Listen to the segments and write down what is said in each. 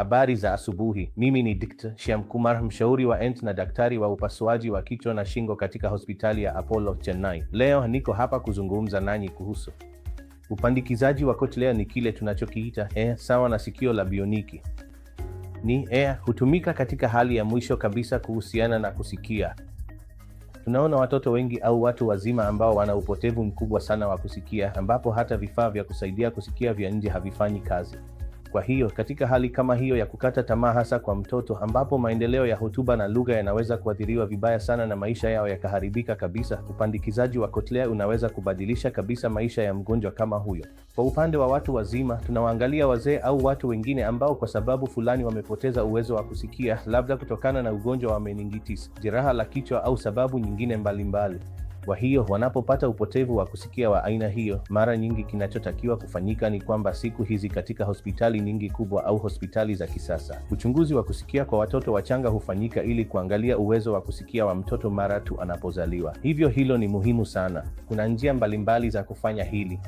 Habari za asubuhi. Mimi ni Dkt. Shyam Kumar, mshauri wa ENT na daktari wa upasuaji wa kichwa na shingo katika hospitali ya Apollo Chennai. Leo niko hapa kuzungumza nanyi kuhusu upandikizaji wa koklea. Ni kile tunachokiita eh, sawa na sikio la bioniki. Ni eh, hutumika katika hali ya mwisho kabisa kuhusiana na kusikia. Tunaona watoto wengi au watu wazima ambao wana upotevu mkubwa sana wa kusikia, ambapo hata vifaa vya kusaidia kusikia vya nje havifanyi kazi. Kwa hiyo katika hali kama hiyo ya kukata tamaa, hasa kwa mtoto, ambapo maendeleo ya hotuba na lugha yanaweza kuathiriwa vibaya sana na maisha yao yakaharibika kabisa, upandikizaji wa kotlea unaweza kubadilisha kabisa maisha ya mgonjwa kama huyo. Kwa upande wa watu wazima, tunawaangalia wazee au watu wengine ambao kwa sababu fulani wamepoteza uwezo wa kusikia, labda kutokana na ugonjwa wa meningitis, jeraha la kichwa au sababu nyingine mbalimbali mbali. Kwa hiyo wanapopata upotevu wa kusikia wa aina hiyo, mara nyingi kinachotakiwa kufanyika ni kwamba siku hizi katika hospitali nyingi kubwa au hospitali za kisasa, uchunguzi wa kusikia kwa watoto wachanga hufanyika ili kuangalia uwezo wa kusikia wa mtoto mara tu anapozaliwa. Hivyo hilo ni muhimu sana. Kuna njia mbalimbali za kufanya hili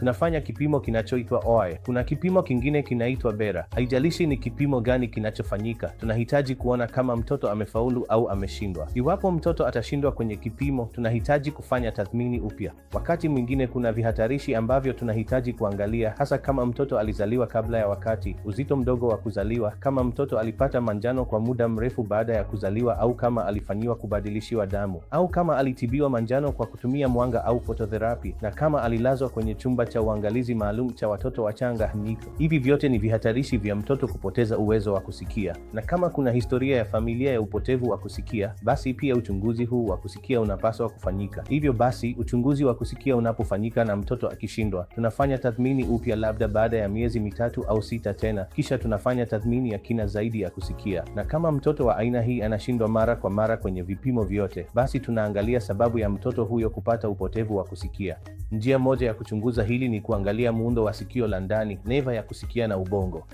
tunafanya kipimo kinachoitwa OI. E. Kuna kipimo kingine kinaitwa BERA. Haijalishi ni kipimo gani kinachofanyika, tunahitaji kuona kama mtoto amefaulu au ameshindwa. Iwapo mtoto atashindwa kwenye kipimo, tunahitaji kufanya tathmini upya. Wakati mwingine kuna vihatarishi ambavyo tunahitaji kuangalia, hasa kama mtoto alizaliwa kabla ya wakati, uzito mdogo wa kuzaliwa, kama mtoto alipata manjano kwa muda mrefu baada ya kuzaliwa, au kama alifanyiwa kubadilishiwa damu, au kama alitibiwa manjano kwa kutumia mwanga au fototherapy, na kama alilazwa kwenye chumba cha uangalizi maalum cha watoto wachanga NICU. Hivi vyote ni vihatarishi vya mtoto kupoteza uwezo wa kusikia, na kama kuna historia ya familia ya upotevu wa kusikia, basi pia uchunguzi huu wa kusikia unapaswa kufanyika. Hivyo basi, uchunguzi wa kusikia unapofanyika na mtoto akishindwa, tunafanya tathmini upya, labda baada ya miezi mitatu au sita tena, kisha tunafanya tathmini ya kina zaidi ya kusikia, na kama mtoto wa aina hii anashindwa mara kwa mara kwenye vipimo vyote, basi tunaangalia sababu ya mtoto huyo kupata upotevu wa kusikia. Njia moja ya kuchunguza hili pili ni kuangalia muundo wa sikio la ndani, neva ya kusikia na ubongo.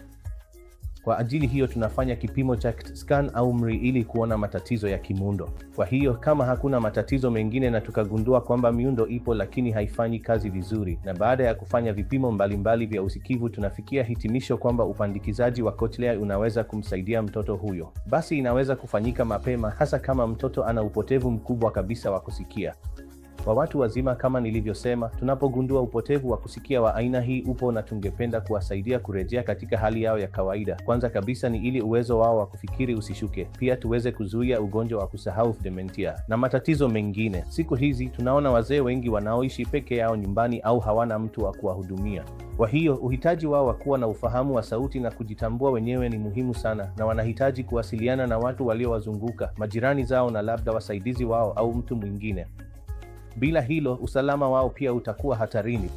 Kwa ajili hiyo tunafanya kipimo cha CT scan au MRI ili kuona matatizo ya kimuundo. Kwa hiyo kama hakuna matatizo mengine na tukagundua kwamba miundo ipo lakini haifanyi kazi vizuri, na baada ya kufanya vipimo mbalimbali mbali vya usikivu, tunafikia hitimisho kwamba upandikizaji wa cochlea unaweza kumsaidia mtoto huyo, basi inaweza kufanyika mapema, hasa kama mtoto ana upotevu mkubwa kabisa wa kusikia kwa watu wazima. Kama nilivyosema, tunapogundua upotevu wa kusikia wa aina hii upo na tungependa kuwasaidia kurejea katika hali yao ya kawaida, kwanza kabisa ni ili uwezo wao wa kufikiri usishuke, pia tuweze kuzuia ugonjwa wa kusahau dementia na matatizo mengine. Siku hizi tunaona wazee wengi wanaoishi peke yao nyumbani au hawana mtu wa kuwahudumia. Kwa hiyo uhitaji wao wa kuwa na ufahamu wa sauti na kujitambua wenyewe ni muhimu sana, na wanahitaji kuwasiliana na watu waliowazunguka, majirani zao, na labda wasaidizi wao au mtu mwingine. Bila hilo, usalama wao pia utakuwa hatarini.